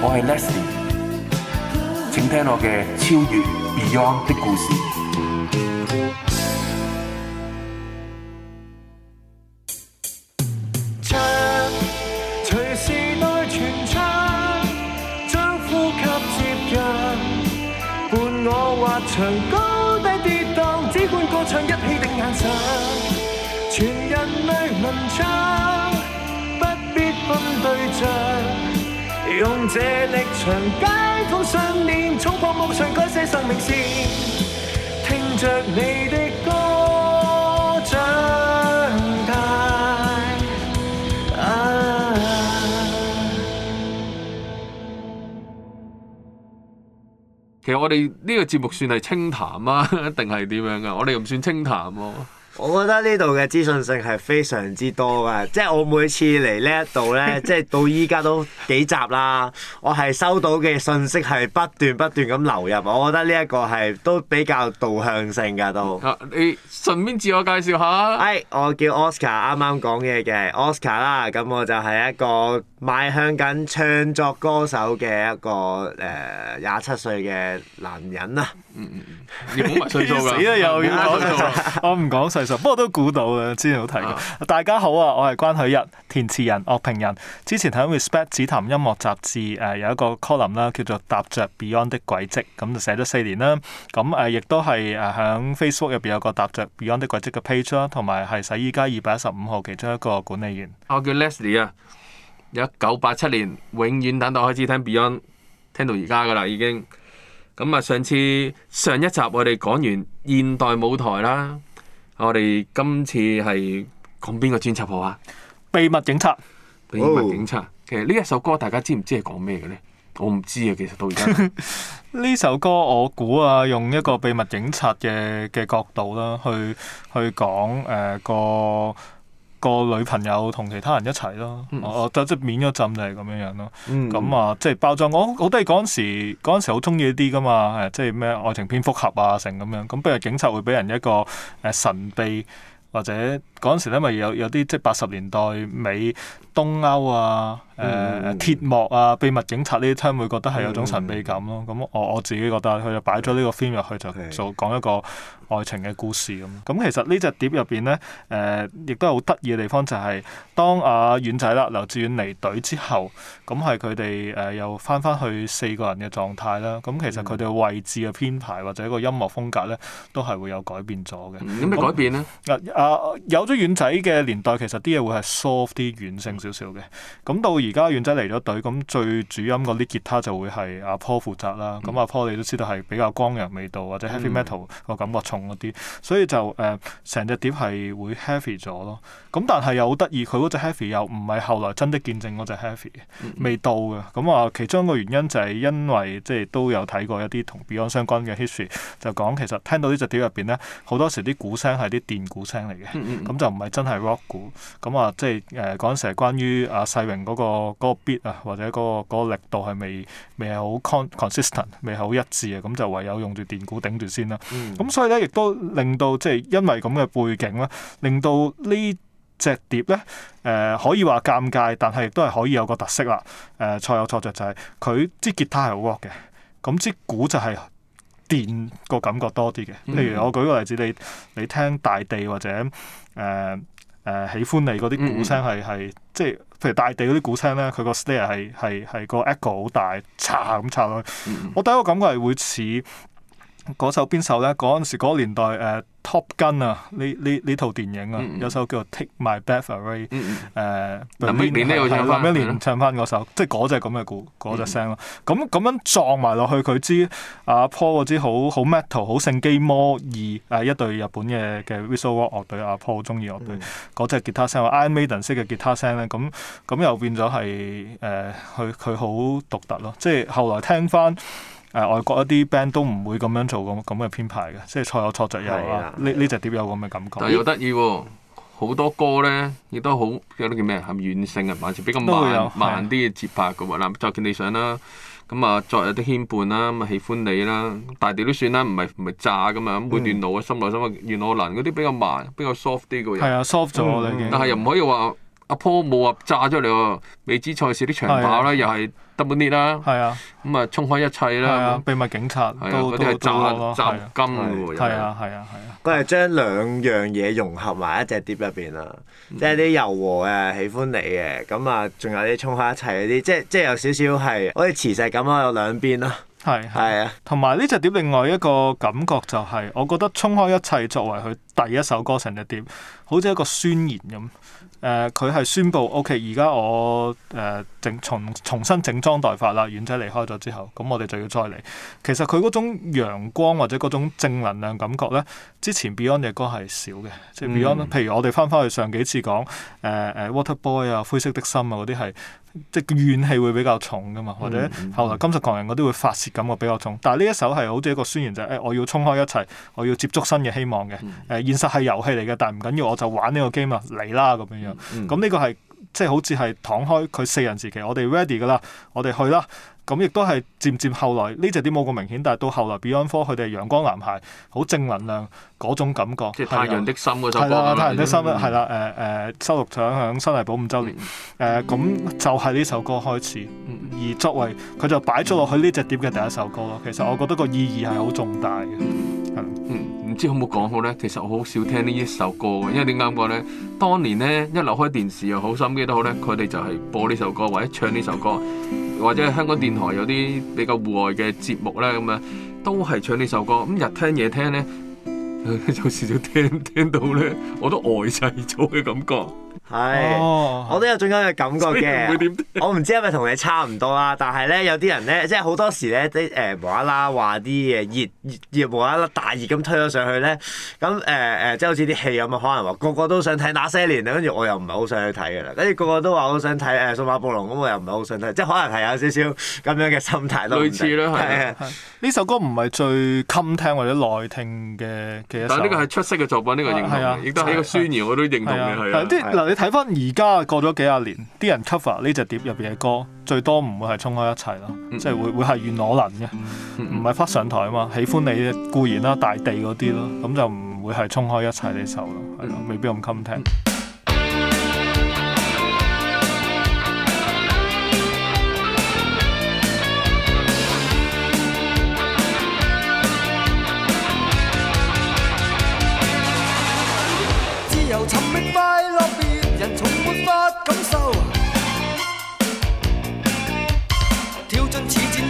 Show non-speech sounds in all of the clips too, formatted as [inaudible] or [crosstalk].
我係 Leslie，請聽我嘅超越 Beyond 的故事。唱， [noise] 隨時代傳唱，將呼吸接近，伴我劃長高低跌宕，只管歌唱一起定眼神。用這力場解構信念，衝破夢想改寫生命線。聽着你的歌，長大。啊！啊，其實我哋呢個節目算係清談啊，定係點樣㗎啊？我哋又唔算清談喎。我覺得呢度嘅資訊性係非常之多㗎， [laughs] 即係我每次嚟呢一度呢， [laughs] 即係到依家都幾集啦。我係收到嘅信息係不斷不斷咁流入，我覺得呢一個係都比較導向性㗎都、啊。你順便自我介紹下啊、哎？我叫 Oscar，啱啱講嘢嘅 Oscar 啦。咁我就係一個邁向緊、唱作歌手嘅一個誒廿七歲嘅男人啦。嗯嗯嗯，要講埋歲數㗎？ [laughs] 死啦！又要講， [laughs] [laughs] 我唔講歲。不過都估到啦。之前好睇過，啊啊、大家好啊，我係關許日，填詞人、樂評人。之前喺《Respect 紙談音樂雜誌》誒、呃、有一個 column 啦，叫做《踏着 Beyond 的軌跡》，咁就寫咗四年啦。咁誒亦都係誒喺 Facebook 入邊有個踏着 Beyond 的軌跡嘅 page 啦，同埋係洗衣街二百一十五號其中一個管理員。我叫 Leslie 啊，一九八七年永遠等待開始聽 Beyond，聽到而家噶啦已經咁啊、嗯。上次上一集我哋講完現代舞台啦。我哋今次係講邊個專輯好啊？秘密警察，秘密警察。Oh. 其實呢一首歌，大家知唔知係講咩嘅咧？我唔知啊，其實到而家呢首歌，我估啊，用一個秘密警察嘅嘅角度啦，去去講誒、呃、個。個女朋友同其他人一齊咯，我我即即免咗浸就係咁樣樣咯。咁啊，即係包裝，我好得意嗰陣時，嗰時好中意啲噶嘛，即係咩愛情片複合啊成咁樣，咁、啊、不如警察會俾人一個誒、啊、神秘或者。嗰陣時咧，咪有有啲即係八十年代尾東歐啊、誒、呃、鐵幕啊、秘密警察呢啲，聽會覺得係有種神秘感咯。咁我、嗯嗯啊、我自己覺得佢就擺咗呢個 film 入去，就就講一個愛情嘅故事咁。咁、嗯嗯、其實呢隻碟入邊咧，誒、呃、亦都係好得意嘅地方就係、是啊，當阿遠仔啦、劉志遠離隊之後，咁係佢哋誒又返返去四個人嘅狀態啦。咁其實佢哋嘅位置嘅編排或者個音樂風格咧，都係會有改變咗嘅。有咩、嗯嗯、改變咧？啊啊有～啊啊所以遠仔嘅年代其實啲嘢會係 soft 啲，軟性少少嘅，咁到而家遠仔嚟咗隊，咁最主音個 lead guitar 就會係阿 Paul 負責啦。咁阿 Paul 你都知道係比較光陽味道或者 heavy metal 個感覺重嗰啲，嗯、所以就誒成隻碟係會 heavy 咗咯。咁但係又好得意，佢嗰隻 heavy 又唔係後來真的見證嗰隻 heavy，未到嘅。咁、嗯、啊，嗯、其中一個原因就係因為即係都有睇過一啲同 Beyond 相關嘅 history，就講其實聽到呢隻碟入邊咧，好多時啲鼓聲係啲電鼓聲嚟嘅，咁、嗯、就唔係真係 rock 鼓。咁、嗯、啊，嗯嗯嗯、即係誒嗰陣時係關於阿、啊、世榮嗰、那個嗰、那個 beat 啊，或者嗰、那個嗰、那個力度係未未係好 consistent，未係好一致嘅，咁、嗯、就、嗯、唯有用住電鼓頂住先啦。咁、嗯嗯、所以咧，亦都令到即係因為咁嘅背景啦，令到呢。隻碟咧，誒、呃、可以話尷尬，但係亦都係可以有個特色啦。誒、呃，錯有錯着，就係佢支吉他係好 rock 嘅，咁支鼓就係電個感覺多啲嘅。例如我舉個例子，你你聽大地或者誒誒、呃呃、喜歡你嗰啲鼓聲係係即係，譬如大地嗰啲鼓聲咧，佢個 snare 係係係個 echo 好大，擦咁插落去，我第一個感覺係會似。嗰首邊首咧？嗰陣時嗰、那個、年代，誒、uh，《Top Gun》啊，呢呢呢套電影啊，有首叫做《Take My Breath Away》誒，林憶蓮呢個唱翻，嗰首，即係嗰隻咁嘅鼓，嗰隻聲咯。咁咁樣撞埋落去，佢知阿 Paul 嗰支好好 Metal、好聖基摩二誒一隊日本嘅嘅 Visual Rock 樂隊，阿、啊、Paul 好中意樂隊嗰隻、嗯啊、吉他聲，Iron Maiden 式嘅吉他聲咧，咁咁又變咗係誒佢佢好獨特咯、啊。即係後來聽翻。誒、呃、外國一啲 band 都唔會咁樣做咁咁嘅編排嘅，即係錯有錯著又係呢呢隻碟有咁嘅感覺。但又得意喎，好多歌咧亦都好有啲叫咩啊？是是軟性啊，還是比較慢慢啲嘅節拍嘅喎。嗱的，再、啊、見理想啦。咁啊，昨日的牽絆啦，咁啊喜歡你啦，大地都算啦，唔係唔係炸咁啊。咁每段路啊，心內心啊，願我能嗰啲比較慢，比較 soft 啲嘅。係、嗯嗯、但係又唔可以話。阿坡冇話炸出嚟喎，未知賽事啲長跑啦，又係 double 跌啦，咁啊衝開一切啦，秘密警察，嗰啲係炸金嘅，係啊係啊係啊，佢係將兩樣嘢融合埋一隻碟入邊啊，即係啲柔和嘅喜歡你嘅，咁啊仲有啲衝開一切嗰啲，即係即係有少少係好似磁石咁咯，有兩邊咯，係係啊，同埋呢隻碟另外一個感覺就係，我覺得衝開一切作為佢第一首歌成隻碟，好似一個宣言咁。誒佢係宣布，OK，而家我誒整、呃、重重新整裝待發啦，遠仔離開咗之後，咁我哋就要再嚟。其實佢嗰種陽光或者嗰種正能量感覺咧，之前 Beyond 嘅歌係少嘅，即係 Beyond，、嗯、譬如我哋返返去上幾次講，誒、呃、誒 Water Boy 啊、灰色的心啊嗰啲係。即怨氣會比較重噶嘛，或者、嗯嗯、後來《金屬狂人》嗰啲會發泄感覺比較重，但係呢一首係好似一個宣言就係、是、誒、哎，我要衝開一切，我要接觸新嘅希望嘅。誒、嗯呃，現實係遊戲嚟嘅，但係唔緊要緊，我就玩呢個 game 啊，嚟啦咁樣樣。咁呢、嗯嗯這個係即係好似係躺開佢四人時期，我哋 ready 噶啦，我哋去啦。咁亦都係漸漸後來呢隻碟冇咁明顯，但係到後來 Beyond Four 佢哋陽光男孩好正能量嗰種感覺，即係《太陽的心》嗰首歌啦，的《太陽的心》係啦的，誒誒、嗯呃呃、收錄響《新藝寶五週年》嗯，誒咁、呃、就係呢首歌開始，嗯、而作為佢就擺咗落去呢隻碟嘅第一首歌咯。其實我覺得個意義係好重大嘅。嗯嗯嗯，唔知好唔好講好咧。其實我好少聽呢一首歌嘅，因為點解講咧？當年咧，一留開電視又好，收音機都好咧，佢哋就係播呢首歌或者唱呢首歌，或者香港電台有啲比較戶外嘅節目咧，咁樣，都係唱呢首歌。咁日聽夜聽咧。有少少聽聽到咧，我都呆滯咗嘅感覺。係，我都有種咁嘅感覺嘅。唔會點？我唔知係咪同你差唔多啦。但係咧，有啲人咧，即係好多時咧，啲誒無啦啦話啲嘢熱熱熱無啦啦大熱咁推咗上去咧。咁誒誒，即係好似啲戲咁啊，可能話個個都想睇那些年。跟住我又唔係好想去睇㗎啦。跟住個個都話好想睇誒數碼暴龍，咁我又唔係好想睇，即係可能係有少少咁樣嘅心態咯。 [laughs] 類似咯，係。呢首歌唔係最襟聽或者耐聽嘅。其實呢個係出色嘅作品，呢個認同啊，亦都係個宣言，我都認同你係。嗱，啲嗱你睇翻而家過咗幾廿年，啲人 cover 呢隻碟入邊嘅歌，最多唔會係衝開一切啦，即係會會係願攞能嘅，唔係忽上台啊嘛。喜歡你固然啦，大地嗰啲咯，咁就唔會係衝開一切呢首咯，係咯，未必咁襟聽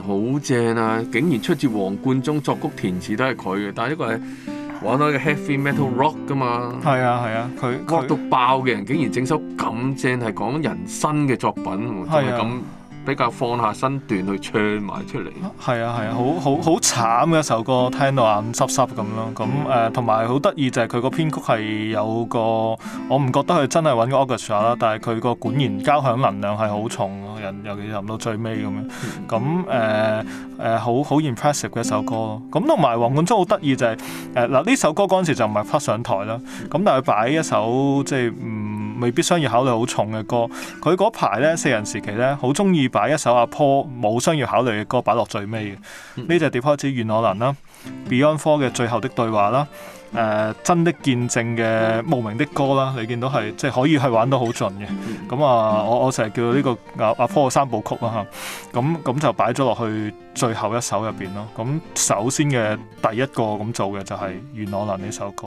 好正啊！竟然出自黃貫中作曲填詞都係佢嘅，但係呢個係玩多啲 heavy metal rock 㗎嘛？係啊係啊，佢轟到爆嘅人竟然整首咁正係講人生嘅作品，啊、真係咁。比較放下身段去唱埋出嚟，係啊係啊，啊，好好好慘嘅一首歌，聽到眼濕濕咁咯。咁誒同埋好得意就係佢個編曲係有個，我唔覺得佢真係揾個 orchestra 啦，但係佢個管弦交響能量係好重咯，尤其是入到最尾咁樣。咁、嗯、誒誒好好、嗯呃啊、impressive 嘅一首歌咯。咁同埋黃貫中好得意就係誒嗱呢首歌嗰陣時就唔係 first 上台啦，咁但係擺一首即係唔未必商業考慮好重嘅歌，佢嗰排咧四人時期咧，好中意擺一首阿 Paul 冇商業考慮嘅歌擺落最尾嘅。呢隻碟開始《願我能》啦，《Beyond IV》嘅《最後的對話》啦，誒、呃《真的見證》嘅《無名的歌》啦，你見到係即係可以係玩得好盡嘅。咁啊，我我成日叫呢、這個阿阿 Paul 嘅三部曲啦嚇。咁、啊、咁就擺咗落去最後一首入邊咯。咁首先嘅第一個咁做嘅就係、是《願我能》呢首歌。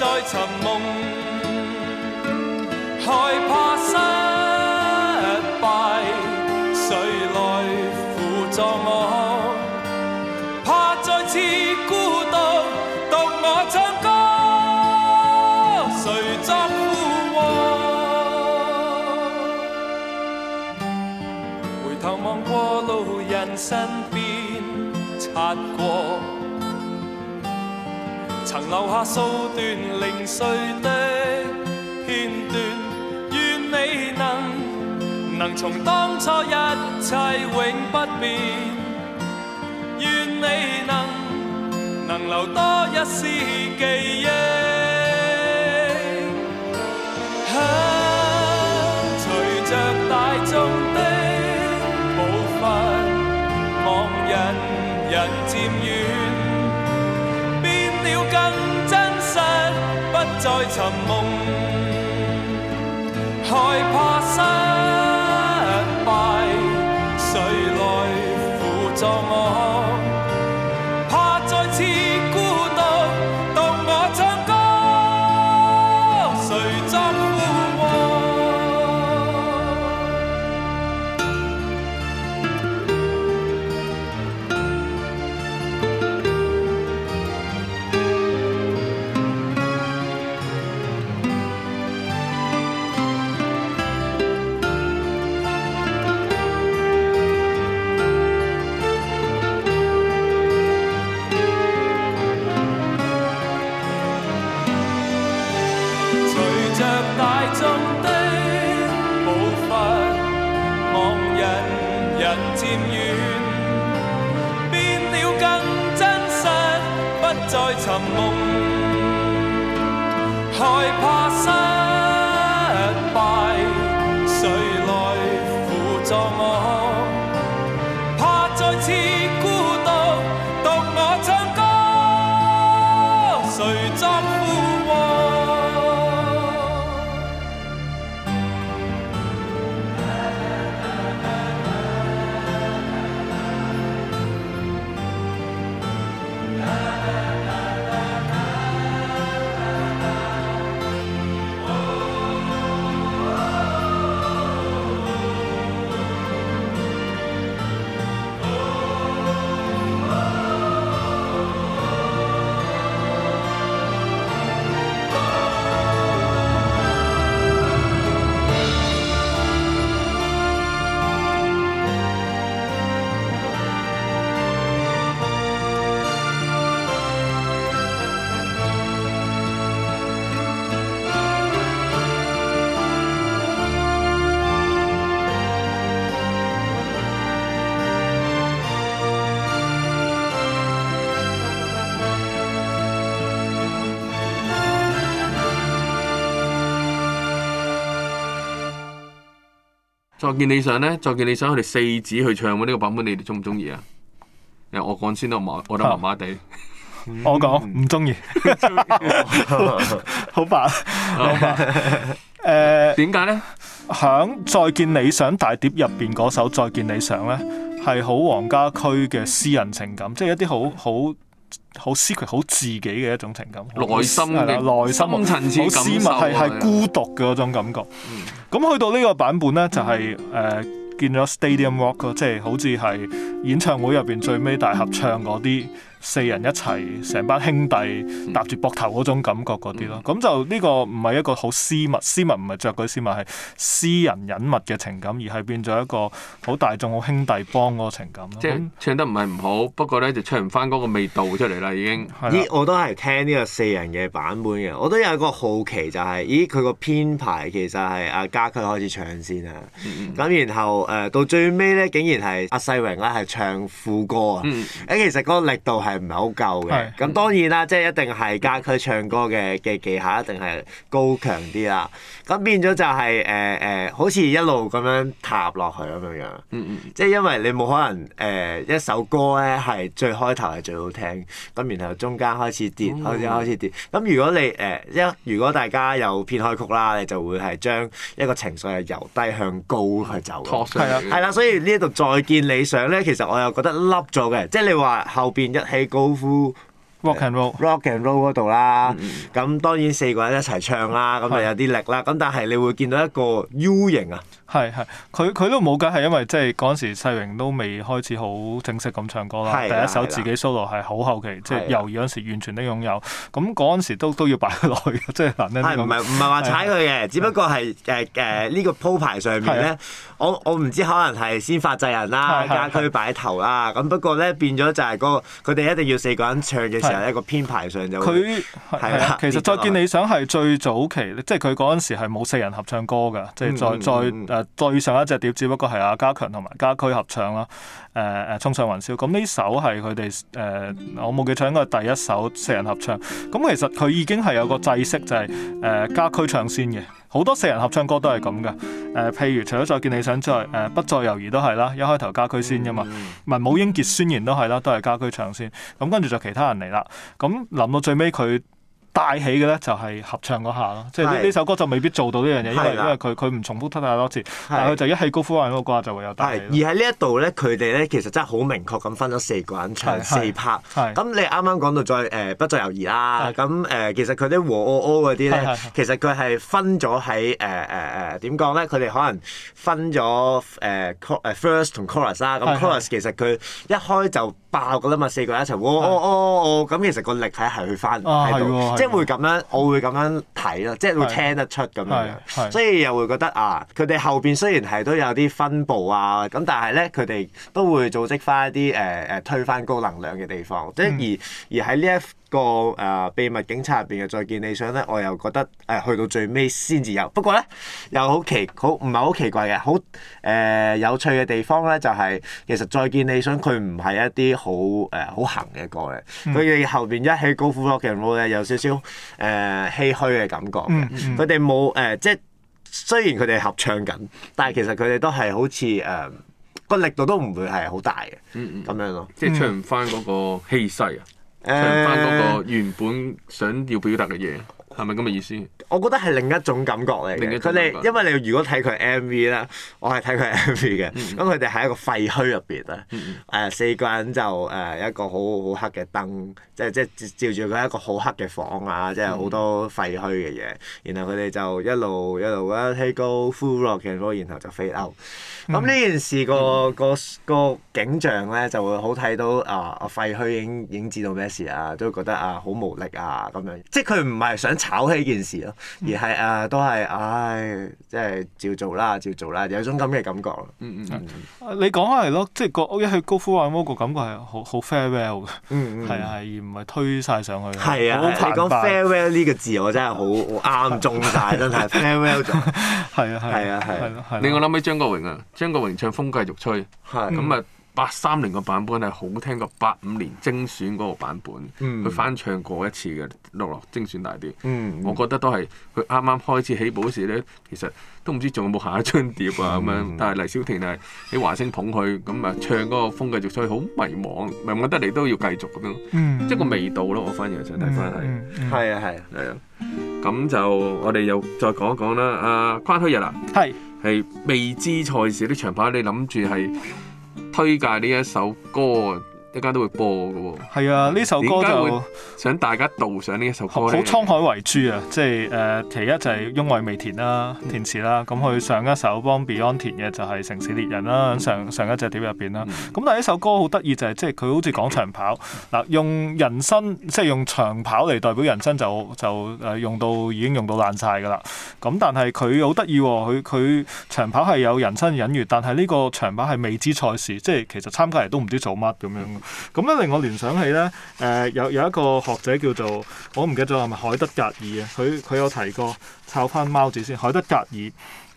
再尋夢，害怕失敗，誰來輔助我？怕再次孤獨，獨我唱歌，誰在乎我？回頭望過路人身邊擦過。曾留下數段零碎的片段，願你能能從當初一切永不變，願你能能留多一絲記憶。再尋夢，害怕失。再見理想咧，再見理想，佢哋四子去唱嘅呢個版本，你哋中唔中意啊？誒，我講先啦，我覺得麻麻地， [laughs] 我講唔中意，好白，啊、 [laughs] 好白，誒、uh，點解咧？響再見理想大碟入邊嗰首再見理想咧，係好黃家駒嘅私人情感，即係一啲好好。好 secret，好自己嘅一種情感，內心嘅內心、深層次、好私密，係孤獨嘅嗰種感覺。咁、嗯、去到呢個版本咧，就係、是、誒見、呃、咗 Stadium Rock，即係好似係演唱會入邊最尾大合唱嗰啲。四人一齊，成班兄弟搭住膊頭嗰種感覺嗰啲咯，咁、嗯、就呢個唔係一個好私密，私密唔係着嗰啲私密，係私人隱密嘅情感，而係變咗一個好大眾、好兄弟幫嗰個情感。即係是那唱得唔係唔好，不過咧就唱唔翻嗰個味道出嚟啦，已經。的咦，我都係聽呢個四人嘅版本嘅，我都有一個好奇就係、是，咦，佢個編排其實係阿家駒開始唱先啊，咁、嗯、然後誒、呃、到最尾咧竟然係阿世榮咧係唱副歌啊，誒、嗯、其實嗰個力度係。係唔係好夠嘅？咁是當然啦，即係一定係家駒唱歌嘅嘅技巧一定係高強啲啦。咁變咗就係誒誒好似一路咁樣塌落去咁樣樣，嗯嗯。即係因為你冇可能誒、呃、一首歌咧係最開頭係最好聽，咁然後中間開始跌，開始、哦、開始跌。咁如果你誒一、呃、如果大家有片開曲啦，你就會係將一個情緒係由低向高去走。係啊。係啦、啊，所以呢一度再見理想咧，其實我又覺得凹咗嘅，即係你話後邊一起。喺高呼 rock and roll、呃、rock and roll 嗰度啦，咁、mm hmm. 當然四個人一齊唱啦，咁就有啲力啦。咁是但係你會見到一個 U 型啊。係係，佢佢都冇計，係因為即係嗰陣時世榮都未開始好正式咁唱歌啦。第一首自己 solo 係好後期，即係猶豫嗰陣時完全都擁有。咁嗰陣時都都要擺落去，即係難聽。係唔係唔係話踩佢嘅？只不過係誒誒呢個鋪排上面咧，我我唔知可能係先發制人啦，家居擺頭啦。咁不過咧變咗就係個佢哋一定要四個人唱嘅時候一個編排上就佢係啦。其實再見理想係最早期，即係佢嗰陣時係冇四人合唱歌㗎，即係再再最上一隻碟，只不過係阿家強同埋家駒合唱啦。誒、呃、誒，衝上雲霄咁呢首係佢哋誒，我冇記錯應該係第一首四人合唱。咁其實佢已經係有個制式，就係、是、誒、呃、家駒唱先嘅。好多四人合唱歌都係咁噶。誒、呃，譬如除咗再見理想之外，誒、呃、不再猶豫都係啦。一開頭家駒先噶嘛，文武英傑宣言都係啦，都係家駒唱先。咁跟住就其他人嚟啦。咁臨到最尾佢。帶起嘅咧就係合唱嗰下咯，即係呢首歌就未必做到呢樣嘢，因為因為佢佢唔重複出太多次，但佢就一係高呼蘭嗰個掛就會有帶。而喺呢一度咧，佢哋咧其實真係好明確咁分咗四個人唱四 part。咁你啱啱講到再誒不再猶豫啦，咁誒其實佢啲和 O 嗰啲咧，其實佢係分咗喺誒誒誒點講咧？佢哋可能分咗誒 first 同 chorus 啦。咁 chorus 其實佢一開就。爆㗎啦嘛，四個人一齊的、哦，哦哦哦哦，咁、哦、其實個力係係去翻喺度，哦、即係會咁樣，我會咁樣睇啦，即係會聽得出咁的樣，所以又會覺得啊，佢哋後邊雖然係都有啲分佈啊，咁但係咧佢哋都會組織翻一啲誒誒推翻高能量嘅地方，即係而、嗯、而喺呢。一。個誒、呃、秘密警察入邊嘅《再見理想》咧，我又覺得誒、呃、去到最尾先至有，不過咧又好奇好唔係好奇怪嘅，好誒、呃、有趣嘅地方咧就係、是、其實《再見理想》佢唔係一啲好誒好行嘅歌嚟，佢哋、嗯、後邊一起高呼咯，其實冇嘢有少少誒唏噓嘅感覺嘅，佢哋冇誒即係雖然佢哋合唱緊，但係其實佢哋都係好似誒個力度都唔會係好大嘅，咁、嗯嗯、樣咯，即係唱唔翻嗰個氣勢啊！唱翻嗰個原本想要表達嘅嘢。係咪咁嘅意思？我覺得係另一種感覺嚟嘅。佢哋因為你如果睇佢 MV 咧，我係睇佢 MV 嘅。咁佢哋喺一個廢墟入邊啊。誒、嗯嗯 uh, 四個人就誒、uh, 一個好好黑嘅燈，即係即係照住佢一個好黑嘅房啊，即係好多廢墟嘅嘢。然後佢哋就一路一路咧 high、hey, go full rock and roll 然後就飛 out，咁呢件事，嗯嗯個個個景象咧就會好睇到啊！廢、uh, 墟已影影至到咩事啊？都會覺得啊好、uh, 無力啊咁樣。即係佢唔係想。炒起件事咯，而係啊都係，唉即係照做啦，照做啦，有種咁嘅感覺咯。嗯嗯你講係咯，即係高，我覺得去高夫玩摩個感覺係好好 farewell 嘅。嗯係啊係，而唔係推晒上去。係啊。你講 farewell 呢個字，我真係好啱中晒，真係 farewell 咗。係啊係啊係。係咯。另外諗起張國榮啊，張國榮唱風繼續吹，係咁啊。八三年個版本係好聽過八五年精選嗰個版本，佢、嗯、翻唱過一次嘅《落落精選大碟》嗯，我覺得都係佢啱啱開始起步時咧，其實都唔知仲有冇下一張碟啊咁樣。但係黎小田係喺華星捧佢，咁啊唱嗰個風繼續吹，好迷茫。咪我覺得你都要繼續咁樣，嗯、即係個味道咯。我反而想睇翻係，係啊係啊，係啊。咁就我哋又再講一講啦。阿、呃、關虛日啊，係係的未知賽事啲長跑，你諗住係？ [laughs] 推介呢一首歌。一家都會播嘅喎，係啊！呢首歌就想大家導上呢一首歌，好滄海遺珠啊！即係誒、呃，其一就係、是《愛未，未填》啦、啊，嗯、填詞啦、啊。咁佢上一首幫 Beyond 填嘅就係、是《城市獵人》啦、啊嗯，上上一隻碟入邊啦。咁、嗯、但係呢首歌好得意就係、是，即係佢好似講長跑嗱，嗯、用人生即係用長跑嚟代表人生就就誒用到已經用到爛晒㗎啦。咁但係佢好得意喎，佢佢長跑係有人生隱喻，但係呢個長跑係未知賽事，即係其實參加嚟都唔知做乜咁樣。咁咧，令我聯想起咧，誒、呃，有有一個學者叫做，我唔記得咗係咪海德格爾啊，佢佢有提過。炒返貓子先，海德格爾誒，佢、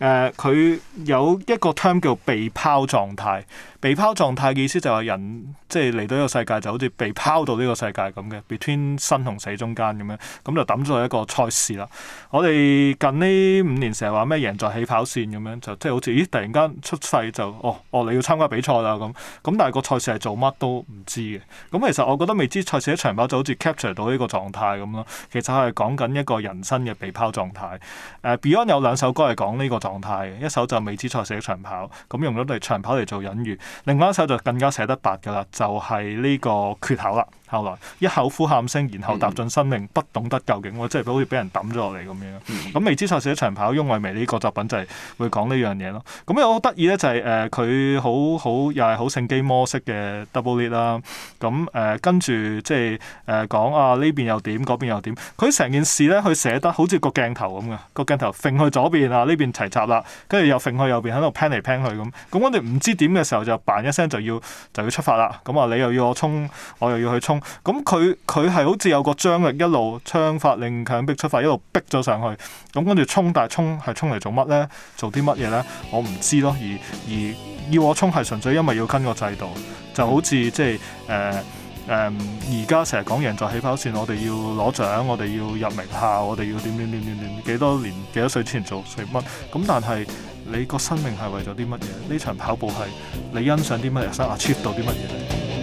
呃、有一個 term 叫被拋狀態。被拋狀態嘅意思就係人即係嚟到呢個世界就好似被拋到呢個世界咁嘅，between 生同死中間咁樣，咁就抌咗一個賽事啦。我哋近呢五年成日話咩贏在起跑線咁樣，就即係好似咦突然間出世就哦哦你要參加比賽啦咁，咁但係個賽事係做乜都唔知嘅。咁其實我覺得未知賽事嘅長跑就好似 capture 到呢個狀態咁咯，其實係講緊一個人生嘅被拋狀態。Uh, Beyond 有兩首歌係講呢個狀態嘅，一首就未知賽事的長跑，咁用咗對長跑嚟做隱喻；另外一首就更加寫得白㗎啦，就係、是、呢個缺口啦。後來一口呼喊聲，然後踏進生命，嗯、不懂得究竟喎，即係好似俾人抌咗落嚟咁樣。咁、嗯、未知賽事一長跑，翁偉眉呢個作品就係會講呢樣嘢咯。咁、嗯就係呃、又好得意咧，就係誒佢好好又係好聖經模式嘅 double l i、啊、t 啦。咁、啊、誒跟住即係誒講啊呢邊又點，嗰邊又點。佢成件事咧，佢寫得好似個鏡頭咁嘅個鏡頭揈去左邊啊，呢邊齊集啦，跟住又揈去右邊喺度拼嚟拼去咁。咁我哋唔知點嘅時候就扮一聲就要就要，就要出發啦。咁啊，你又要我衝，我又要去衝。咁佢佢係好似有個張力，一路槍法令強逼出發，一路逼咗上去。咁跟住衝，但係衝係衝嚟做乜呢？做啲乜嘢呢？我唔知咯。而而要我衝係純粹因為要跟個制度，就好似即係誒誒，而家成日講贏在起跑線，我哋要攞獎，我哋要入名校，我哋要點點點點點幾多年幾多歲之前做做乜？咁、嗯、但係你個生命係為咗啲乜嘢？呢場跑步係你欣賞啲乜嘢？想 achieve 到啲乜嘢咧？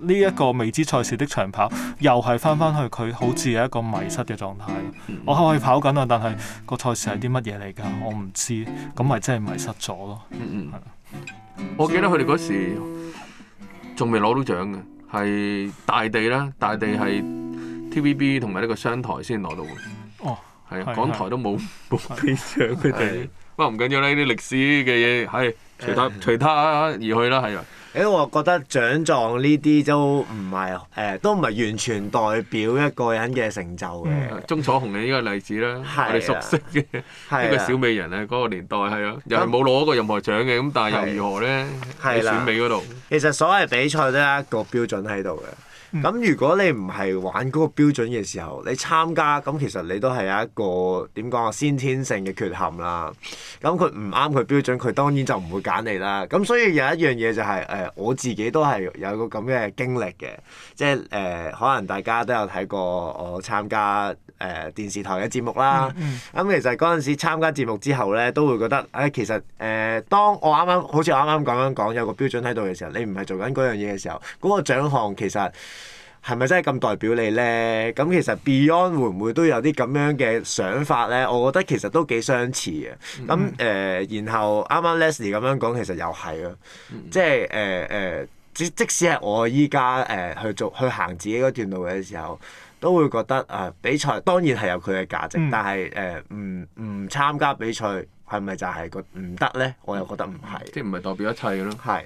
呢一個未知賽事的長跑，又係翻翻去，佢好似係一個迷失嘅狀態。嗯、我係可以跑緊啊，但係個賽事係啲乜嘢嚟㗎？我唔知，咁咪真係迷失咗咯。嗯嗯，我記得佢哋嗰時仲未攞到獎嘅，係大地啦，大地係 TVB 同埋呢個商台先攞到嘅。哦，係啊，港台都冇冇俾獎佢哋。哇是，唔、 [laughs] 哎、緊要呢啲歷史嘅嘢，係、哎、其他、哎、呀隨他而去啦，係啊。誒，我覺得獎狀呢啲都唔係誒，都唔係完全代表一個人嘅成就嘅。鍾、嗯、楚紅嘅呢個例子啦，啊、我哋熟悉嘅一、啊、個小美人咧，嗰、那個年代係啊，啊又係冇攞過任何獎嘅，咁但係又如何咧？喺、啊啊、選美嗰度，其實所謂比賽都係一個標準喺度嘅。咁、嗯、如果你唔係玩嗰個標準嘅時候，你參加咁其實你都係有一個點講啊先天性嘅缺陷啦。咁佢唔啱佢標準，佢當然就唔會揀你啦。咁所以有一樣嘢就係、是、誒、呃，我自己都係有個咁嘅經歷嘅，即係誒、呃、可能大家都有睇過我參加。誒、呃、電視台嘅節目啦，咁、 [laughs] 嗯、其實嗰陣時參加節目之後咧，都會覺得誒、哎、其實誒、呃，當我啱啱好似啱啱咁講緊講有個標準喺度嘅時候，你唔係做緊嗰樣嘢嘅時候，嗰、那個獎項其實係咪真係咁代表你咧？咁其實 Beyond 會唔會都有啲咁樣嘅想法咧？我覺得其實都幾相似嘅。咁誒、呃，然後啱啱 Leslie 咁樣講，其實又係啊，即係誒誒，即即使係我依家誒去做去行自己嗰段路嘅時候。都會覺得啊、呃，比賽當然係有佢嘅價值，嗯、但係誒唔唔參加比賽係咪就係個唔得咧？我又覺得唔係，即係唔係代表一切嘅咯。係，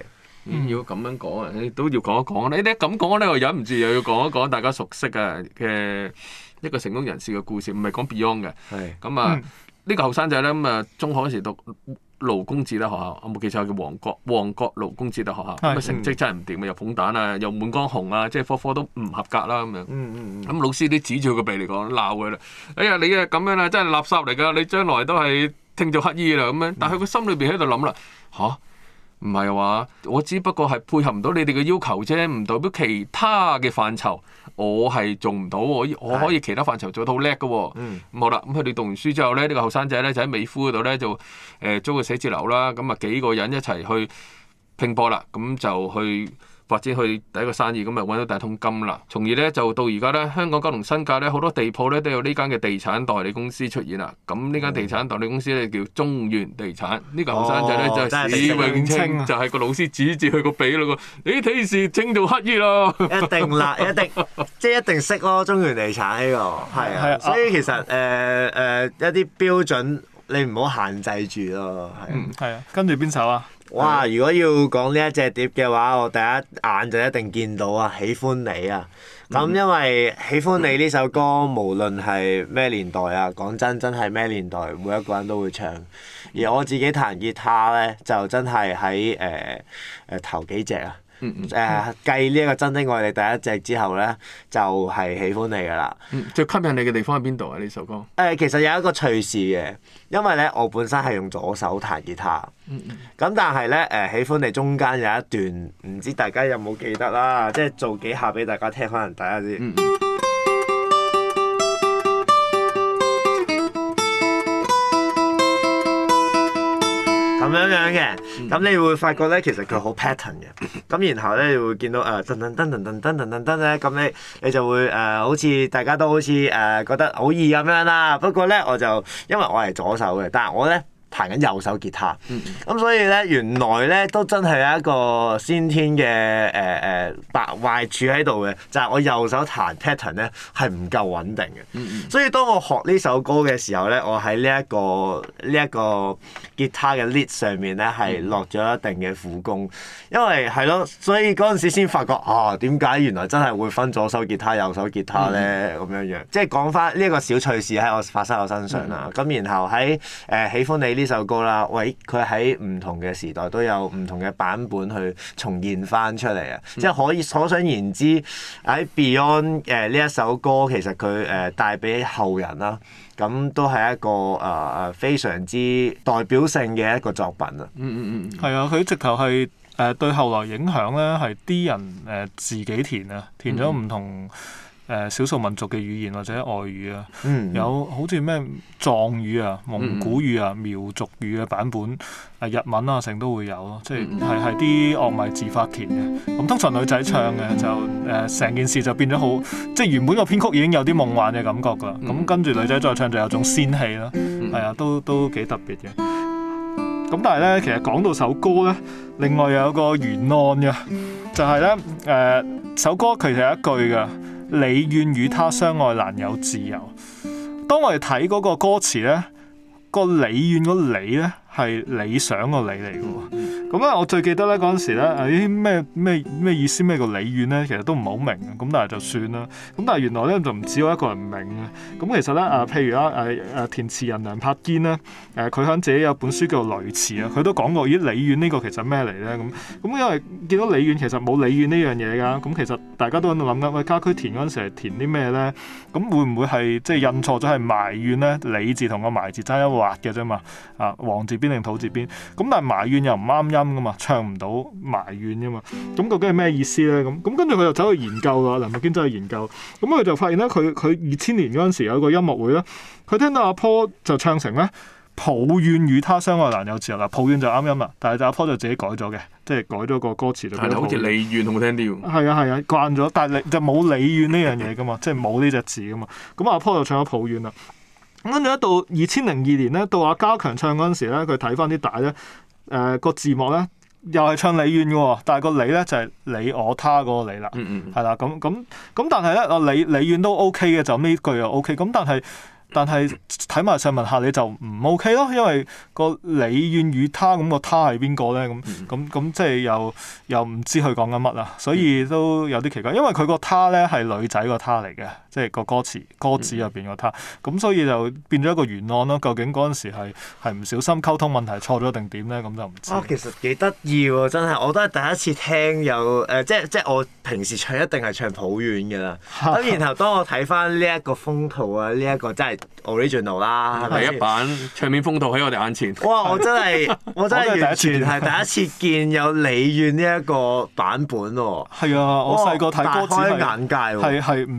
如果咁樣講啊，你都要講一講。你你咁講咧，我忍唔住又要講一講大家熟悉嘅嘅一個成功人士嘅故事，唔係講 Beyond 嘅。係咁、嗯、啊，呢個後生仔咧咁啊，中學嗰時讀，勞工子弟學校，我冇記錯叫旺角。旺角勞工子弟嘅學校，咁是成績真係唔掂啊，又鳳、嗯、蛋啊，又滿江紅啊，即係科科都唔合格啦咁樣。咁、嗯嗯嗯、老師都指住佢個鼻嚟講，鬧佢啦。哎呀，你啊咁樣啦，真係垃圾嚟噶，你將來都係聽做乞衣啦咁樣。嗯、但係佢心裏邊喺度諗啦，嚇。唔係話，我只不過係配合唔到你哋嘅要求啫，唔代表其他嘅範疇，我係做唔到。我可以其他範疇做到叻嘅、哦。嗯，咁好啦，咁佢哋讀完書之後咧，呢、呢個後生仔咧就喺美孚嗰度咧就誒租個寫字樓啦，咁啊幾個人一齊去拼搏啦，咁就去。發展去第一個生意，咁咪揾到第一桶金啦。從而咧就到而家咧，香港九龍新界咧，好多地鋪咧都有呢間嘅地產代理公司出現啦。咁呢間地產代理公司咧叫中原地產，哦、個山呢個後生仔咧就史永清，就係、是、個老師指住佢個鼻咯。你睇是清到黑衣咯，一定啦，一定， [laughs] 即係一定識咯。中原地產呢、這個係啊，啊所以其實誒誒、呃呃、一啲標準你唔好限制住咯，係啊，嗯、啊，跟住邊首啊？哇！如果要講呢一隻碟嘅話，我第一眼就一定見到啊，喜歡你啊！咁因為喜歡你呢首歌，無論係咩年代啊，講真真係咩年代，每一個人都會唱。而我自己彈吉他呢，就真係喺誒誒頭幾隻啊！嗯嗯，呢一、mm hmm. 呃、繼個真的愛你第一隻之後咧，就係、是、喜歡你㗎啦。Mm hmm. 最吸引你嘅地方喺邊度啊？呢首歌誒、呃，其實有一個趣事嘅，因為咧我本身係用左手彈吉他。嗯咁、mm hmm. 但係咧誒，喜歡你中間有一段，唔知大家有冇記得啦？即係做幾下俾大家聽，可能大家知。Mm hmm. 咁樣樣嘅，咁你會發覺咧，其實佢好 pattern 嘅，咁然後咧，你會見到誒，噔噔噔噔噔噔噔噔咧，咁你你就會誒，好似大家都好似誒，覺得好易咁樣啦。不過咧，我就因為我係左手嘅，但係我咧。彈緊右手吉他，咁、嗯嗯、所以咧原來咧都真係有一個先天嘅誒誒百壞處喺度嘅，就係、是、我右手彈 pattern 咧係唔夠穩定嘅。嗯嗯、所以當我學呢首歌嘅時候咧，我喺呢一個呢一個吉他嘅 lead 上面咧係落咗一定嘅苦功，因為係咯，所以陣時先發覺啊點解原來真係會分左手吉他、右手吉他咧咁樣樣，即係講翻呢一個小趣事喺我發生我身上啦，咁、嗯、然後喺誒、呃、喜歡你呢？呢首歌啦，喂，佢喺唔同嘅時代都有唔同嘅版本去重現翻出嚟啊！嗯、即係可以，可想言之，喺 Beyond 誒呢一首歌，其實佢誒帶俾後人啦，咁都係一個誒、呃、非常之代表性嘅一個作品啊！嗯、嗯嗯嗯，係啊，佢直頭係誒對後來影響咧，係啲人誒、呃、自己填啊，填咗唔同。嗯嗯誒、呃、少數民族嘅語言或者外語啊，mm hmm. 有好似咩藏語啊、蒙古語啊、苗族語嘅版本啊、mm hmm. 日文啊，成都會有咯，即係係係啲樂迷自發填嘅。咁通常女仔唱嘅就誒、呃、成件事就變咗好，即係原本個編曲已經有啲夢幻嘅感覺噶啦。咁、mm hmm. 跟住女仔再唱，就有種仙氣啦，係、mm hmm. 啊，都都幾特別嘅。咁但係咧，其實講到首歌咧，另外有個懸案㗎，就係咧誒首歌其實有一句㗎。你願與他相愛難有自由，當我哋睇嗰個歌詞咧，個你願個你」咧。係理想個理嚟嘅喎，咁咧我最記得咧嗰陣時咧，誒啲咩咩咩意思咩叫理怨咧，其實都唔好明，咁但係就算啦。咁但係原來咧就唔止我一個人唔明嘅，咁其實咧誒、啊、譬如啦誒誒填詞人梁柏堅咧，誒佢響自己有本書叫做《雷詞》啊，佢都講過咦，理怨呢個其實咩嚟咧咁。咁因為見到理怨其實冇理怨呢樣嘢㗎，咁其實大家都喺度諗緊，喂、哎、家駒填嗰陣時係填啲咩咧？咁會唔會係即係印錯咗係埋怨咧？理字同個埋字差一畫嘅啫嘛，啊王邊定土字邊咁，但係埋怨又唔啱音噶嘛，唱唔到埋怨咋嘛，咁究竟係咩意思咧？咁咁跟住佢就走去研究啦，林日娟走去研究，咁佢就發現咧，佢佢二千年嗰陣時有個音樂會啦，佢聽到阿 Paul 就唱成咧，抱怨與他相愛難有自由啦，抱怨就啱音啦，但係就阿 Paul 就自己改咗嘅，即係改咗個歌詞就。係啊，好似李怨好聽啲喎。係啊係啊，慣咗，但係就冇李怨呢樣嘢噶嘛， [laughs] 即係冇呢隻字噶嘛，咁阿 Paul 就唱咗抱怨啦。咁跟住咧，到二千零二年咧，到阿加強唱嗰陣時咧，佢睇翻啲帶咧，誒、呃、個字幕咧，又係唱李遠嘅，但係個李咧就係、是、你我他嗰個李啦，係啦、嗯嗯，咁咁咁，但係咧，啊李李遠都 OK 嘅，就呢句又 OK，咁但係。但係睇埋上文下你就唔 OK 咯，因為個你願與他咁、那個他係邊個咧？咁咁咁即係又又唔知佢講緊乜啦，所以都有啲奇怪。因為佢個他咧係女仔個他嚟嘅，即係個歌詞歌詞入邊個他，咁、嗯、所以就變咗一個原案咯。究竟嗰陣時係係唔小心溝通問題錯咗定點咧？咁就唔知啊，其實幾得意喎！真係我都係第一次聽有誒、呃，即係即係我平時唱一定係唱普怨㗎啦。咁哈哈 然後當我睇翻呢一個風土啊，呢、這、一個真係～original 啦，第一版唱片是風度喺我哋眼前。哇！我真係 [laughs] 我真係完全係第一次見有李遠呢一個版本喎、啊。係 [laughs] 啊，我細個睇歌仔係大開眼界喎。係係唔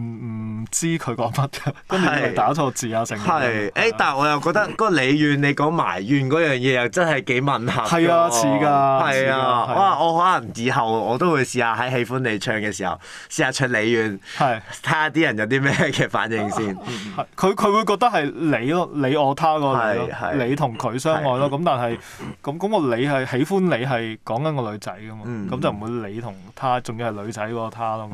唔。知佢講乜嘅，跟住打錯字啊成。係，誒，但係我又覺得個李怨你講埋怨嗰樣嘢又真係幾吻合。係啊，似㗎。係啊，我可能以後我都會試下喺喜歡你唱嘅時候試下唱李怨，睇下啲人有啲咩嘅反應先。佢佢，會覺得係你咯，你我他嗰個你同佢相愛咯。咁但係咁咁個你係喜歡你係講緊個女仔㗎嘛？咁就唔會你同他，仲要係女仔個他咯。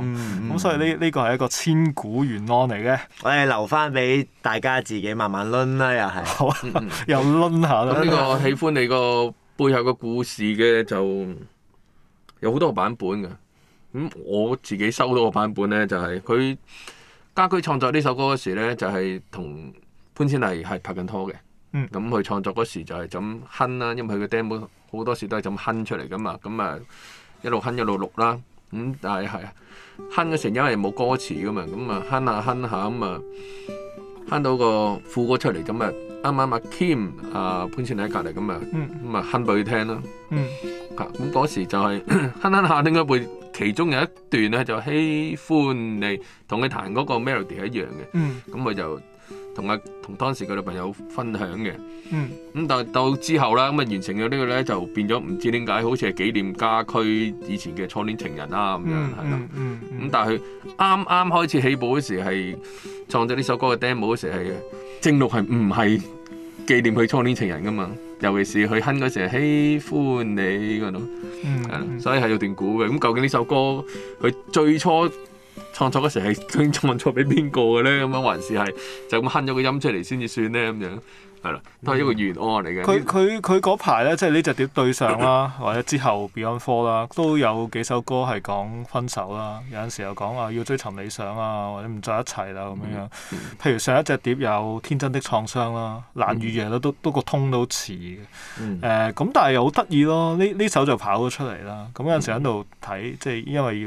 咁所以呢呢個係一個千古案嚟嘅，我哋留翻俾大家自己慢慢攆啦，又係、這個，又攆下啦。呢個喜歡你個背後個故事嘅就有好多個版本㗎。咁我自己收到個版本咧，就係佢家駒創作呢首歌嗰時咧，就係同潘千麗係拍緊拖嘅。咁佢創作嗰時就係咁哼啦，因為佢個 demo 好多時都係咁哼出嚟噶嘛，咁啊一路哼一路錄啦。咁、嗯、但係係、嗯嗯、啊，哼嗰時因為冇歌詞噶嘛，咁啊哼下哼下咁啊，哼到個副歌出嚟，咁啊啱啱阿 Kim 啊潘倩妮喺隔離，咁啊咁啊哼俾佢聽囉，啊咁嗰時就係哼哼下點解會其中有一段咧就喜歡你，同佢彈嗰個 melody 係一樣嘅，咁佢就。嗯嗯嗯嗯同阿同當時佢女朋友分享嘅，嗯，咁但係到之後啦，咁啊完成咗呢個咧就變咗唔知點解，好似係紀念家區以前嘅初戀情人啦咁樣，係啦，咁但係佢啱啱開始起步嗰時係創作呢首歌嘅 demo 嗰時係正錄係唔係紀念佢初戀情人噶嘛，尤其是佢哼嗰時係喜歡你度，嗯，係啦，所以係有段古嘅，咁究竟呢首歌佢最初創作嗰時係想創作俾邊個嘅咧？咁樣還是係就咁哼咗個音出嚟先至算咧？咁樣。係啦，都係一個完案嚟嘅。佢佢佢嗰排咧，即係呢隻碟對上啦， [laughs] 或者之後 Beyond Four 啦，都有幾首歌係講分手啦。有陣時又講啊，要追尋理想啊，或者唔再一齊啦咁樣。嗯嗯、譬如上一隻碟有《天真的創傷》啦，《冷雨夜」嗯、都都個通都似嘅。誒、嗯，咁、呃、但係又好得意咯。呢呢首就跑咗出嚟啦。咁有陣時喺度睇，嗯、即係因為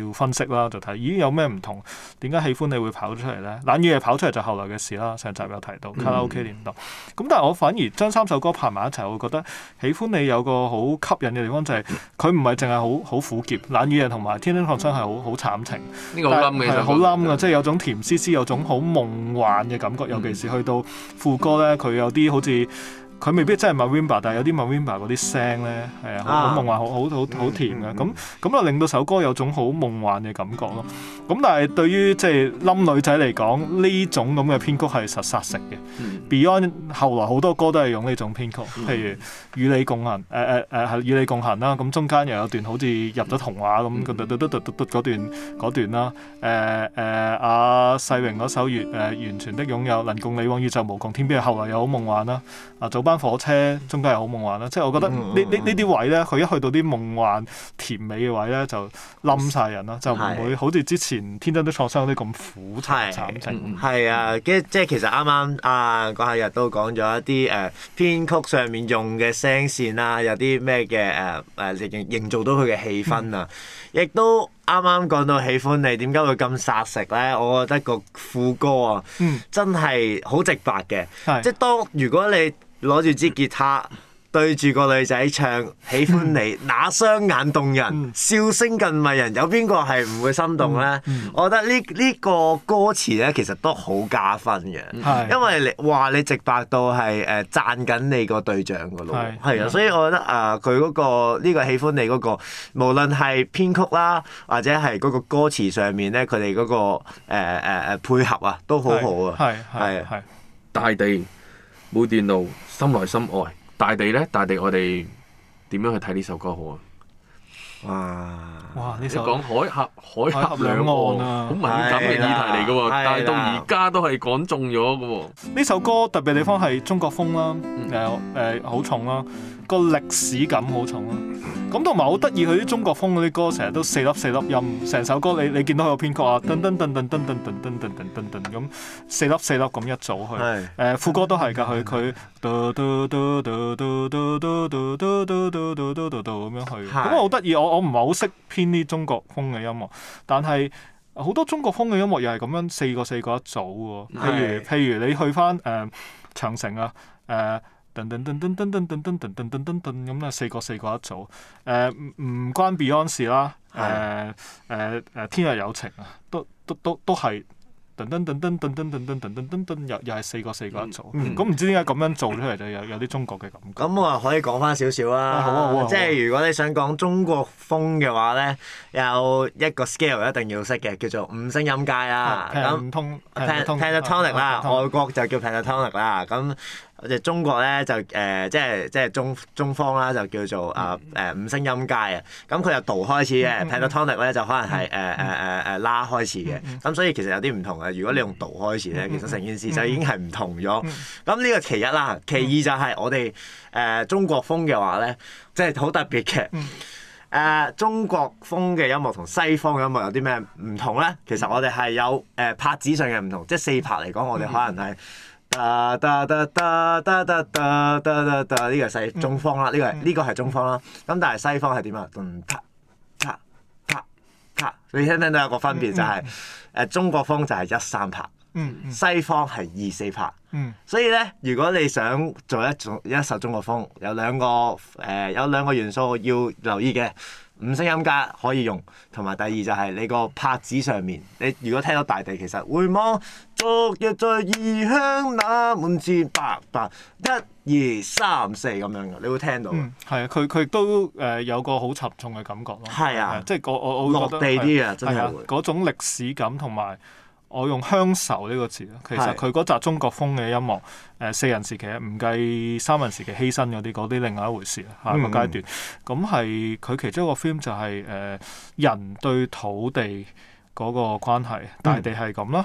要要分析啦，就睇咦有咩唔同？點解喜歡你會跑出嚟咧？冷雨夜」跑出嚟就後來嘅事啦。上集有提到卡拉 OK 年代。咁但係我反而將三首歌拍埋一齊，我會覺得喜歡你有個好吸引嘅地方就係佢唔係淨係好好苦澀，冷雨夜同埋天天燭芯係好好慘情。呢個好冧嘅就係好冧嘅，即係有種甜絲絲，有種好夢幻嘅感覺。嗯、尤其是去到副歌呢，佢有啲好似。佢未必真係 Marimba，但係有啲 Marimba 嗰啲聲咧，係啊，好夢幻，好好好好甜嘅，咁咁就令到首歌有種好夢幻嘅感覺咯。咁但係對於即係冧女仔嚟講，呢種咁嘅編曲係實殺食嘅。Beyond 後來好多歌都係用呢種編曲，譬如《與你共行》，誒誒誒係《與你共行》啦。咁中間又有段好似入咗童話咁嗰段嗰段嗰段啦。誒誒阿世榮嗰首《完誒完全的擁有》，能共你往宇宙無窮天邊，後來又好夢幻啦。啊早不。班火車中間係好夢幻啦，即係我覺得、嗯、呢呢呢啲位咧，佢一去到啲夢幻甜美嘅位咧，就冧晒人啦，嗯、就唔會好似之前《天真的創傷》嗰啲咁苦悽係是、嗯、啊，跟、嗯、即係其實啱啱啊，嗰日都講咗一啲誒、啊、編曲上面用嘅聲線啊，有啲咩嘅誒誒營造到佢嘅氣氛啊，亦、嗯、都啱啱講到喜歡你點解會咁殺食咧？我覺得個副歌啊，真係好直白嘅，即係當如果你攞住支吉他，對住個女仔唱《喜歡你》，那雙眼動人，笑聲更迷人，有邊個係唔會心動呢？我覺得呢呢、呢個歌詞呢，其實都好加分嘅，是因為你話，你直白到係誒讚緊你個對象噶咯喎，係啊是，所以我覺得啊，佢嗰個呢個《呢個、喜歡你、那》嗰個，無論係編曲啦，或者係嗰個歌詞上面呢，佢哋嗰個誒、呃呃、配合啊，都好好啊，係係大地冇電路。心內心外，大地咧，大地我哋點樣去睇呢首歌好啊？哇！哇！你講海峽，海峽，海峽兩岸啊，好敏感嘅議題嚟㗎喎，但係到而家都係講中咗㗎喎。呢首歌特別地方係中國風啦，誒誒好重啦、啊。個歷史感好重咯，咁同埋好得意佢啲中國風嗰啲歌，成日都四粒四粒音，成首歌你你見到佢個編曲啊，噔噔噔噔噔噔噔噔噔噔噔咁四粒四粒咁一組去，誒副歌都係㗎佢佢嘟嘟嘟嘟嘟嘟嘟嘟嘟嘟嘟嘟嘟咁樣去，咁啊好得意，我我唔係好識編啲中國風嘅音樂，但係好多中國風嘅音樂又係咁樣四個四個一組喎，譬如譬如你去翻誒長城啊，誒。噔噔噔噔噔噔噔噔噔噔噔噔噔咁咧，四個四個一組。誒唔唔關 Beyond 事啦。誒誒誒，天若有情啊，都都都都係噔噔噔噔噔噔噔噔噔噔噔又又係四個四個一組。咁唔知點解咁樣做出嚟就有有啲中國嘅感覺。咁我可以講翻少少啊。好啊好啊。即係如果你想講中國風嘅話咧，有一個 scale 一定要識嘅，叫做五聲音階啊。咁，唔通 Pen Pen Pentatonic 啦，外國就叫 Pentatonic 啦。咁我哋中國咧就誒，即係即係中中方啦，就叫做啊誒、呃、五聲音階啊。咁佢由度開始嘅，睇、嗯嗯、到 Tonic 咧就可能係誒誒誒誒拉開始嘅。咁、嗯嗯嗯、所以其實有啲唔同嘅。如果你用度開始咧，其實成件事就已經係唔同咗。咁呢個其一啦，其二就係我哋誒、呃、中國風嘅話咧，即係好特別嘅。誒、呃、中國風嘅音樂同西方音樂有啲咩唔同咧？其實我哋係有誒、呃、拍子上嘅唔同，即係四拍嚟講，我哋可能係。噠噠噠噠噠噠噠噠噠，呢個係西方啦，呢、呢個呢、呢個係中方啦。咁但係西方係點啊？噠噠噠噠，你聽聽到有個分別就係，誒中國風就係一三拍，西方係二四拍，所以咧，如果你想做一種一首中國風，有兩個誒、呃、有兩個元素要留意嘅。五聲音階可以用，同埋第二就係你個拍子上面，你如果聽到大地其實回望，昨日在異鄉那門前白白，一二三四咁樣嘅，你會聽到。係啊、嗯，佢佢都誒有個好沉重嘅感覺咯。係啊的，即係的我我落地啲啊，真係嗰種歷史感同埋。我用鄉愁呢個字，其實佢嗰集中國風嘅音樂，誒四人時期唔計三人時期犧牲嗰啲，嗰啲另外一回事，下一個階段咁係佢其中一個 film 就係誒人對土地嗰個關係，大地係咁啦，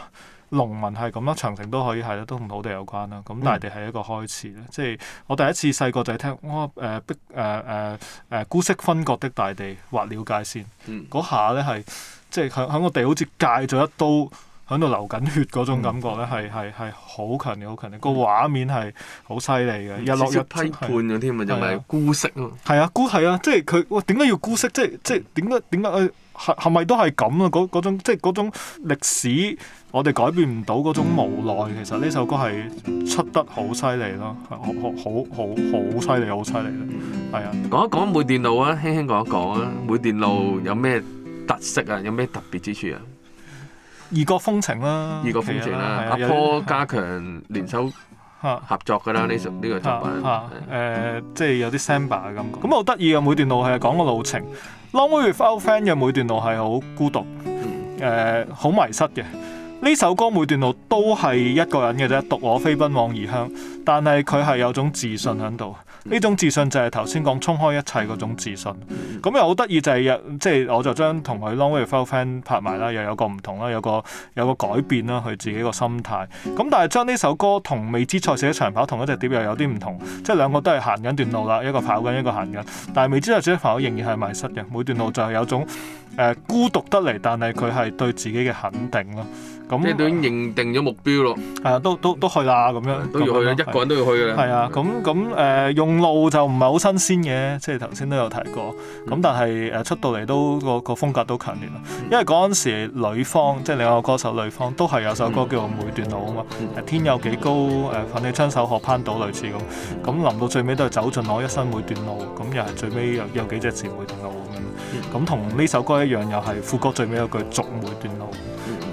農民係咁啦，長城都可以係啦，都同土地有關啦。咁大地係一個開始啦，即係我第一次細個就係聽我誒碧誒誒誒姑息分割的大地劃了界線，嗰下咧係即係響響我哋好似界咗一刀。喺度流緊血嗰種感覺咧，係係係好強烈，好強烈。個畫面係好犀利嘅，日落日批判嘅添咪就係孤息咯？係啊，孤係啊，即係佢，哇！點解要孤息？即係即係點解點解？係係咪都係咁啊？嗰種即係嗰種歷史，我哋改變唔到嗰種無奈。其實呢首歌係出得好犀利咯，好好好好犀利，好犀利啦！係啊，講一講每段路啊，輕輕講一講啊，每段路有咩特色啊？有咩特別之處啊？異國風情啦，異國風情啦，阿坡加強聯手合作㗎喇呢首呢個作品，誒即係有啲 samba 嘅感覺。咁好得意嘅每段路係講個路程，Long way without friends 嘅每段路係好孤獨，誒好迷失嘅。呢首歌每段路都係一個人嘅啫，獨我飛奔往異鄉，但係佢係有種自信喺度。呢種自信就係頭先講衝開一切嗰種自信。咁又好得意就係，即係我就將同佢《Long Way From Friend》拍埋啦，又有個唔同啦，有個有個改變啦，佢自己個心態。咁但係將呢首歌同《未知賽事的長跑》同一隻碟又有啲唔同，即係兩個都係行緊段路啦，一個跑緊，一個行緊。但係《未知賽事的長跑》仍然係迷失嘅，每段路就係有種、呃、孤獨得嚟，但係佢係對自己嘅肯定咯。咁你都已經認定咗目標咯，係啊，都都都去啦咁樣，都要去啦，一個人都要去嘅。係啊，咁咁誒，用路就唔係好新鮮嘅，即係頭先都有提過。咁但係誒出到嚟都個個風格都強烈啦，因為嗰陣時女方即係另外個歌手女方都係有首歌叫做每段路啊嘛，誒天有幾高誒，反正雙手學攀到類似咁，咁臨到最尾都係走盡我一生每段路，咁又係最尾又有幾隻字每段路咁，咁同呢首歌一樣，又係副歌最尾一句逐每段路。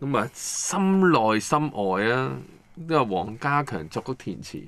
咁啊，心內心外啊，都係黃家強作曲填詞，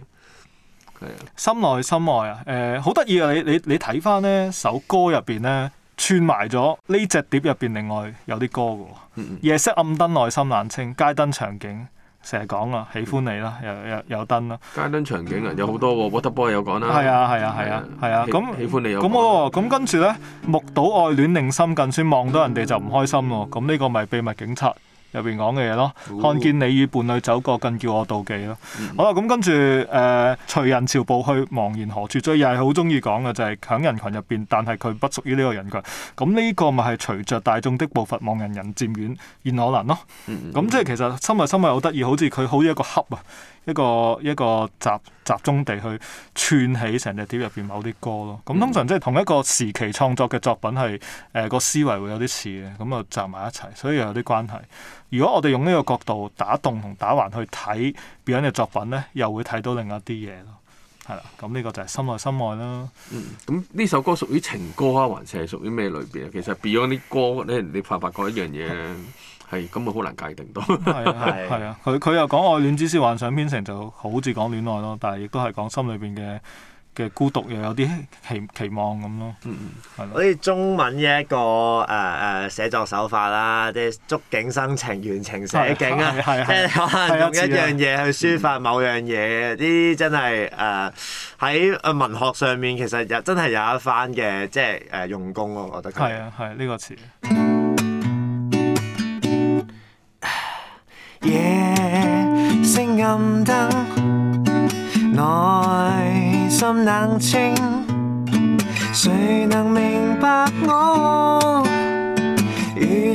係啊。心內心外啊，誒、呃，好得意啊！你你你睇翻呢首歌入邊咧，串埋咗呢隻碟入邊，另外有啲歌嘅喎。嗯嗯夜色暗燈，內心冷清，街燈場景，成日講啊，喜歡你啦，又又又燈啦。街燈場景啊，有好多、啊《Waterboy》有講啦，係啊，係啊，係啊，係啊。咁喜歡你咁我咁跟住咧，目睹愛戀令心近，先望到人哋就唔開心喎。咁呢個咪秘密警察。入邊講嘅嘢咯，哦、看見你與伴侶走過，更叫我妒忌咯。嗯、好啦，咁跟住誒、呃，隨人潮步去，茫然何處？最又係好中意講嘅就係、是、喺人群入邊，但係佢不屬於呢個人群。咁呢個咪係隨着大眾的步伐，望人人漸遠，現可難咯。咁、嗯嗯、即係其實深埋深埋好得意，好似佢好似一個盒啊！一個一個集集中地去串起成隻碟入邊某啲歌咯，咁通常即係同一個時期創作嘅作品係誒、呃、個思維會有啲似嘅，咁啊，集埋一齊，所以又有啲關係。如果我哋用呢個角度打戙同打橫去睇 Beyond 嘅作品咧，又會睇到另一啲嘢咯，係啦。咁呢個就係心愛心愛啦。嗯，咁呢首歌屬於情歌啊，還是係屬於咩類別啊？其實 Beyond 啲歌，你你發唔發覺一樣嘢？嗯係，咁好難界定到。係啊，佢佢又講愛戀只是幻想編成，就好似講戀愛咯，但係亦都係講心裏邊嘅嘅孤獨，又有啲期期望咁咯。嗯嗯，係咯。好似中文嘅一個誒誒寫作手法啦，即係觸景生情、緣情寫景啊，即係可能用一樣嘢去抒發某樣嘢。呢啲真係誒喺文學上面，其實真係有一番嘅即係誒用功咯，我覺得。係啊，係呢個詞。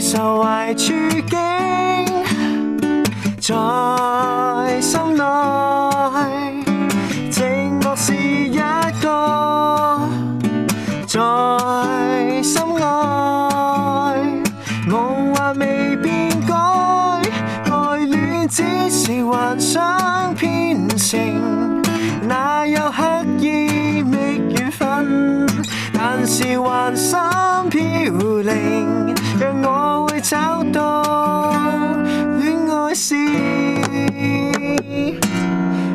愁懷處境，在心內。找到戀愛是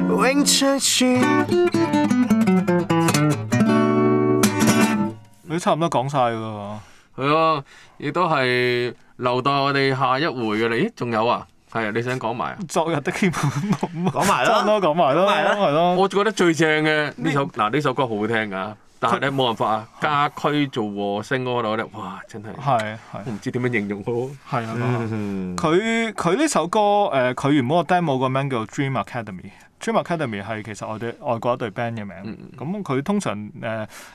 永長存。你都差唔多講晒㗎嘛？係咯、嗯，亦都係留待我哋下一回嘅你。咦，仲有啊？係啊，你想講埋啊？昨日的天空。講 [laughs] 埋啦！差唔多講埋咯，係咯，係咯。我覺得最正嘅呢首嗱，呢首歌好好聽啊！但係咧，冇辦法啊，家駒做和聲嗰、那個女，是是我咧，哇真係，我唔知點樣形容好。佢、佢呢首歌誒，佢、呃、原本 demo 個名叫《Dream Academy》。Dream Academy 係其實外對外國一對 band 嘅名嗯嗯，咁佢通常誒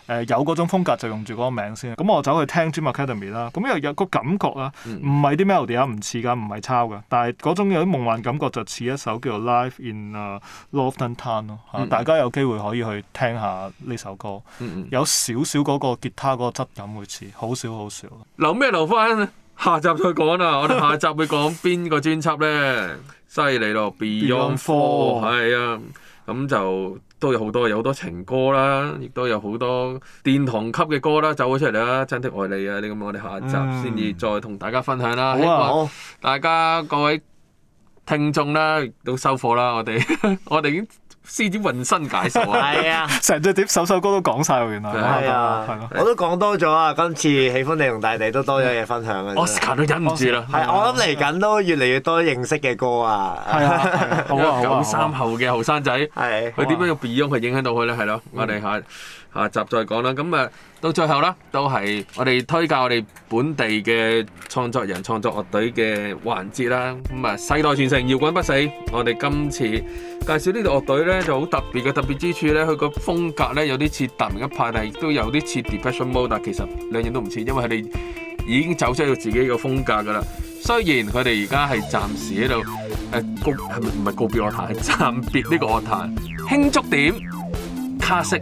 誒有嗰種風格就用住嗰個名先。咁我走去聽 Dream Academy 啦，咁又有個感覺啦，唔係啲 melody 啊，唔似㗎，唔係抄㗎，但係嗰種有啲夢幻感覺就似一首叫做《Life in a Northern Town》咯。大家有機會可以去聽下呢首歌，嗯嗯有少少嗰個吉他嗰個質感會似，好少好少。留咩留翻啊？下集再講啦，我哋下集會講邊個專輯咧？犀利咯，Beyond Four，係 [music] 啊，咁就都有好多，有好多情歌啦，亦都有好多殿堂級嘅歌啦，走咗出嚟啦，《真的愛你》啊，呢咁我哋下集先至再同大家分享啦。嗯、 [music] 好啊，大家我各位聽眾啦都收貨啦，我哋 [laughs] 我哋已經。獅子渾身解數，係啊，成隻碟首首歌都講晒喎，原來。係啊，我都講多咗啊，今次喜歡你同大地都多咗嘢分享啊，我 Oscar 都忍唔住啦，係，我諗嚟緊都越嚟越多認識嘅歌啊，因為九三後嘅後生仔，佢點樣用 Beyond 去影響到佢咧？係咯，我哋下。啊，下集再講啦。咁啊，到最後啦，都係我哋推介我哋本地嘅創作人、創作樂隊嘅環節啦。咁啊，世代傳承，搖滾不死。我哋今次介紹呢個樂隊咧，就好特別嘅特別之處咧，佢個風格咧有啲似達明一派，但係亦都有啲似 Depression Mode，但係其實兩樣都唔似，因為佢哋已經走出咗自己嘅風格噶啦。雖然佢哋而家係暫時喺度誒告係咪唔係告別樂壇，係暫別呢個樂壇。輕觸點卡式。